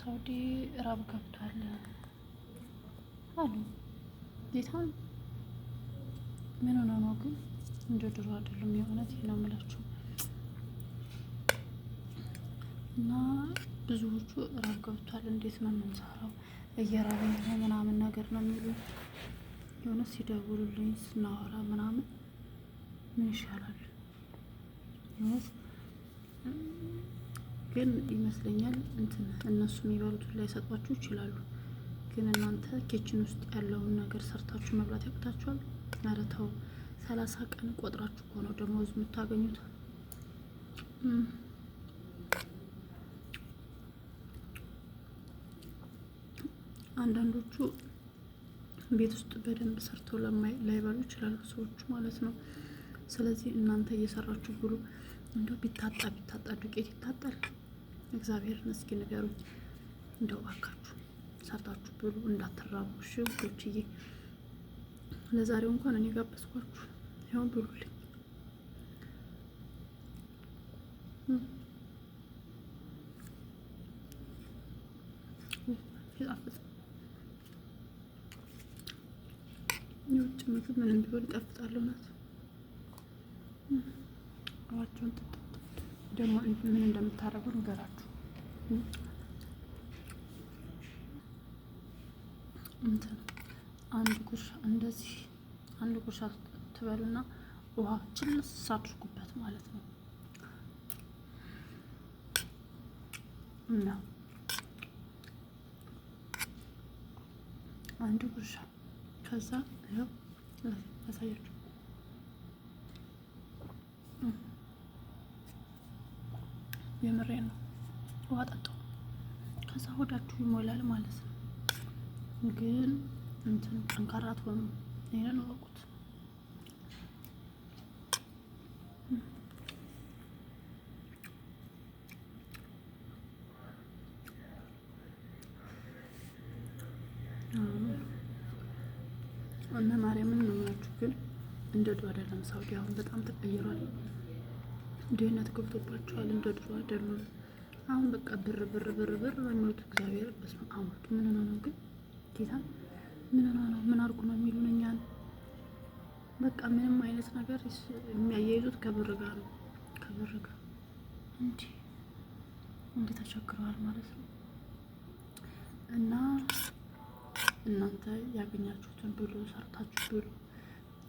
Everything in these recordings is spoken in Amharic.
ሳውዲ ራብ ገብቷል አሉ ጌታ ምን ሆነ ነው ግን እንደ ድሮ አይደለም። የእውነት ነው የምላችሁ እና ብዙዎቹ ራብ ገብቷል፣ እንዴት ነው የምንሰራው እየራበኝ ነው ምናምን ነገር ነው የሚሉ የሆነ ሲደውሉልኝ ስናወራ ምናምን ምን ይሻላል ግን ይመስለኛል እንትን እነሱ የሚበሉትን ላይሰጧችሁ ይችላሉ። ግን እናንተ ኬችን ውስጥ ያለውን ነገር ሰርታችሁ መብላት ያቅታችኋል። ኧረ ተው፣ ሰላሳ ቀን ቆጥራችሁ እኮ ነው ደሞዝ የምታገኙት። አንዳንዶቹ ቤት ውስጥ በደንብ ሰርተው ላይበሉ ይችላሉ ሰዎቹ ማለት ነው። ስለዚህ እናንተ እየሰራችሁ ብሉ። እንደው ቢታጣ ቢታጣ ዱቄት ይታጣል። እግዚአብሔር እስኪ ንገሩኝ። እንደው እባካችሁ ሰርታችሁ ብሉ እንዳትራቡ። እሺ ውዶችዬ፣ ለዛሬው እንኳን እኔ ጋበዝኳችሁ። ይኸው ብሉልኝ። ይጣፍጥ። የውጭ ምግብ ምንም ቢሆን ይጣፍጣል። እውነት አብራችሁን ደግሞ ምን እንደምታደርጉ ንገራችሁ። እንትን አንድ ጉርሻ እንደዚህ አንድ ጉርሻ ትበሉና ውሃ ችልስ አድርጉበት ማለት ነው ነው አንድ ጉርሻ ከዛ ያሳያችሁ የምሬን ነው። ውሃ ጠጡ፣ ከዛ ሆዳችሁ ይሞላል ማለት ነው። ግን እንትን ጠንካራ ትሆኑ ይሄንን ወቁት። እና ማርያምን ነው የምላችሁ። ግን እንደ ዱ አይደለም ሳውዲ አሁን በጣም ተቀይሯል። ድህነት ገብቶባቸዋል። እንደ ድሮ አይደሉም። አሁን በቃ ብር ብር ብር ብር በሚሉት እግዚአብሔር በስመ አብ ምን ሆኖ ነው ግን ጌታ ምን ሆኖ ነው ምን አድርጉ ነው የሚሉን እኛን። በቃ ምንም አይነት ነገር የሚያያይዙት ከብር ጋር ነው ከብር ጋር እንጂ እንዴት ተቸግረዋል ማለት ነው። እና እናንተ ያገኛችሁትን ብሎ ሰርታችሁ ብሎ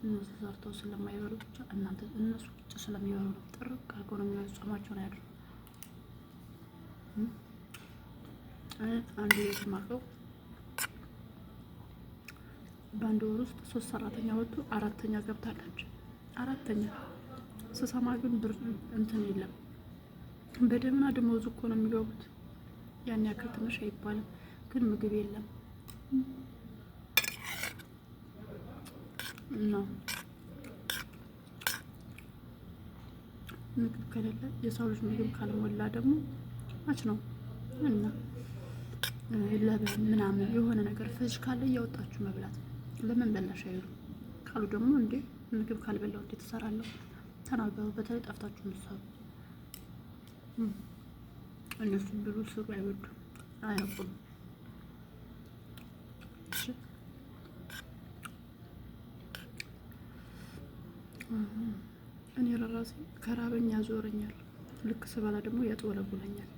እነዚህ ሰርተው ስለማይበሉ ብቻ እናንተ እነሱ ውጭ ስለሚበሉ ነው። ጥርቅ አድርገው ነው የሚበሉ። ጾማቸውን አያድሩ። አንዱ የተማረው በአንድ ወር ውስጥ ሶስት ሰራተኛ ወጥቶ አራተኛ ገብታለች። አራተኛ ስሰማ ግን ብር እንትን የለም። በደምና ደሞዝ እኮ ነው የሚገቡት። ያን ያክል ትንሽ አይባልም፣ ግን ምግብ የለም። ነው። ምግብ ከሌለ የሰው ልጅ ምግብ ካልሞላ ደግሞ ማች ነው እና ለብህ ምናምን የሆነ ነገር ፍሽ ካለ እያወጣችሁ መብላት ለምን በላሽ አይሉ ካሉ ደግሞ እንዴ ምግብ ካልበላው እንዴት እሰራለሁ ተናገሩ። በተለይ ጠፍታችሁ ምሰሩ እነሱ ብሉ ስሩ አይወዱም አያውቁም። እኔ ለራሴ ከራበኝ ያዞረኛል፣ ልክ ስበላ ደግሞ ያጥወለጉለኛል።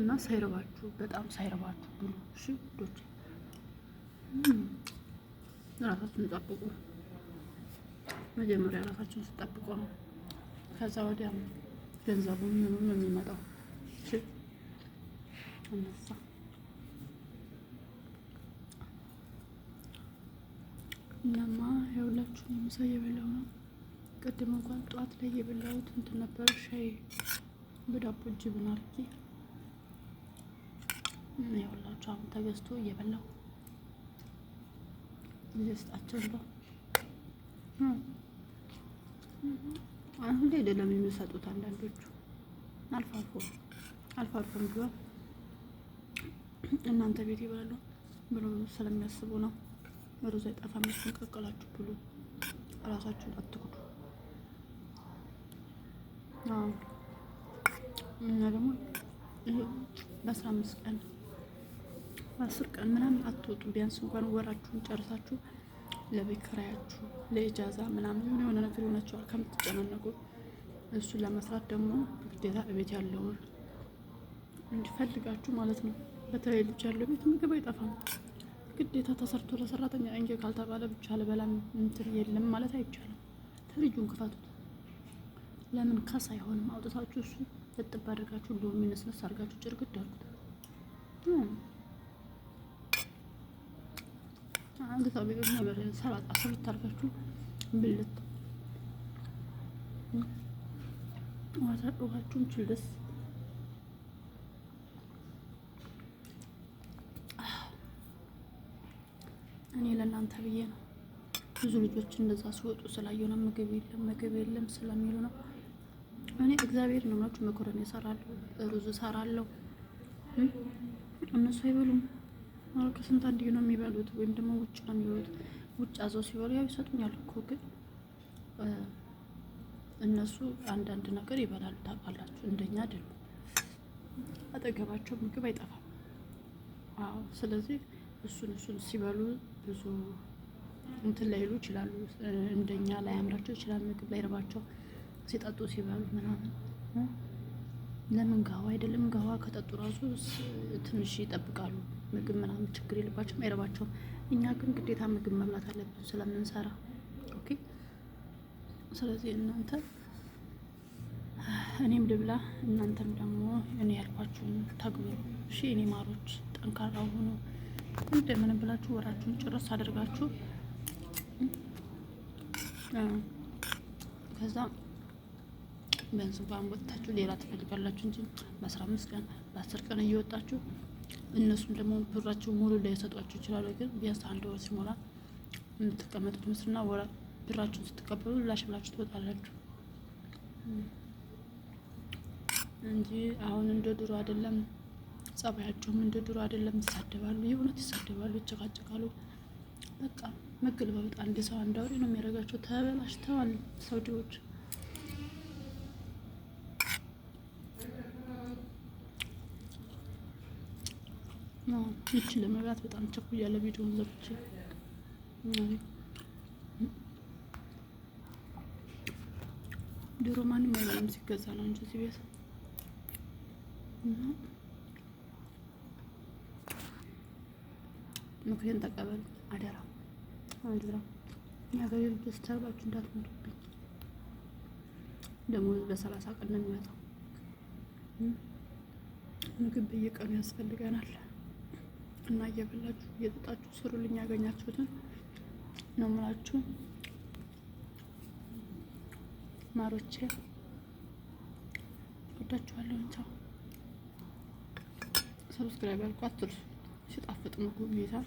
እና ሳይርባችሁ በጣም ሳይርባችሁ ብሉ። እሺ ውዶች፣ ራሳችሁን ጠብቁ። መጀመሪያ ራሳችሁን ስጠብቁ ነው ከዛ ወዲያ ገንዘቡ ምኑ የሚመጣው። እሺ እነሳ እኛማ ያውላችሁን ምሳ እየበላሁ ነው። ቅድም እንኳን ጠዋት ላይ የበላሁት እንትን ነበር ሻይ በዳቦ ጅብን አርጊ ያውላችሁ አሁን ተገዝቶ እየበላው ይስጣቸው እንደው አሁን ላይ አይደለም የሚሰጡት አንዳንዶቹ አልፎ አልፎ አልፎ አልፎም ቢሆን እናንተ ቤት ይበላሉ ብሎ ስለሚያስቡ ነው። ሩዝ አይጠፋም። እሱን ቀቅላችሁ ብሉ። እራሳችሁን አትጉዱ። እና ደግሞ በአስራ አምስት ቀን አስር ቀን ምናምን አትወጡ። ቢያንስ እንኳን ወራችሁን ጨርሳችሁ ለቤት ኪራያችሁ ለኢጃዛ ምናምን የሆነ የሆነ ነገር ይሆናችኋል ከምትጨናነቁ። እሱን ለመስራት ደግሞ ግዴታ እቤት ያለውን እንዲፈልጋችሁ ማለት ነው። በተለይ ልጅ ያለው ቤት ምግብ አይጠፋም። ግዴታ ተሰርቶ ለሰራተኛ እንጂ ካልተባለ ብቻ ልበላም እንትን የለም ማለት አይቻልም። ፍሪጁን ክፈቱት። ለምን ከስ አይሆንም። አውጥታችሁ እሱ እጥብ አድርጋችሁ ሎሚ ነስነስ አድርጋችሁ ጭርግድ አድርጉት። አንድ ሰው ቢቀር ነበር ሰላጣ ስርት አድርጋችሁ ብልት ዋሳጥኋችሁን ችልስ እኔ ለእናንተ ብዬ ነው። ብዙ ልጆች እንደዛ ሲወጡ ስላየሆነ ምግብ የለም ምግብ የለም ስለሚሉ ነው። እኔ እግዚአብሔር ነው የምላችሁ፣ መኮረኒ እሰራለሁ፣ ሩዝ እሰራለሁ። እነሱ አይበሉም። ከስንት አንድ ነው የሚበሉት፣ ወይም ደግሞ ውጭ ነው የሚበሉት። ውጭ አዘው ሲበሉ ያው ይሰጡኛል እኮ ግን እነሱ አንዳንድ ነገር ይበላሉ። ታውቃላችሁ፣ እንደኛ አይደሉም። አጠገባቸው ምግብ አይጠፋም። አዎ፣ ስለዚህ እሱን እሱን ሲበሉ ብዙ እንትን ላይሉ ይችላሉ። እንደኛ ላይ አምራቸው ይችላል። ምግብ ላይ ርባቸው ሲጠጡ ሲበሉ ምናምን ለምን ጋዋ አይደለም። ጋዋ ከጠጡ ራሱ ትንሽ ይጠብቃሉ። ምግብ ምናምን ችግር የለባቸውም፣ አይረባቸውም። እኛ ግን ግዴታ ምግብ መብላት አለብን ስለምንሰራ። ኦኬ። ስለዚህ እናንተ እኔም ልብላ፣ እናንተም ደግሞ እኔ ያልኳችሁን ተግብሩ። እሺ፣ እኔ ማሮች ጠንካራ ሁኑ። እንደምን ብላችሁ ወራችሁን ጭረስ አድርጋችሁ ከዛ ቢያንስ እንኳን ወጥታችሁ ሌላ ትፈልጋላችሁ እንጂ በአስራ አምስት ቀን በአስር ቀን እየወጣችሁ እነሱም ደግሞ ብራችሁ ሙሉ ላይሰጧችሁ ይችላሉ። ግን ቢያንስ አንድ ወር ሲሞላ የምትቀመጡት ምስልና ወራ ብራችሁን ስትቀበሉ ላሽ ብላችሁ ትወጣላችሁ እንጂ አሁን እንደ ድሮ አይደለም። ጸባያቸውም እንደ ድሮ አይደለም። ይሳደባሉ፣ የእውነት ይሳደባሉ፣ ይጨቃጨቃሉ። በቃ መገልባበጥ አንድ ሰው አንድ አውሬ ነው የሚያደርጋቸው። ተበላሽተዋል ሰውዲዎች። ይችን ለመብላት በጣም እያለ ቪዲዮ ዘብች ድሮ ማንም አይበላም ሲገዛ ነው እንጂ እዚህ ቤት ምክሬን ተቀበሉ አደራ። አደራ የሀገሬ ልጅ ተርባችሁ እንዳትሞቱብኝ። ደግሞ በሰላሳ ቀን ነው የሚመጣው። ምግብ በየቀኑ ያስፈልገናል እና እየበላችሁ እየጠጣችሁ ስሩልኝ። ያገኛችሁትን ነው ምላችሁ ማሮቼ። ወዳችኋለሁ። ቻው። ሰብስክራይብ ያልኳት ትርሱ ሲጣፍጥ ምግቡ ይይዛል።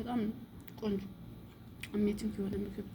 በጣም ቆንጆ አሜቲንግ የሆነ ምግብ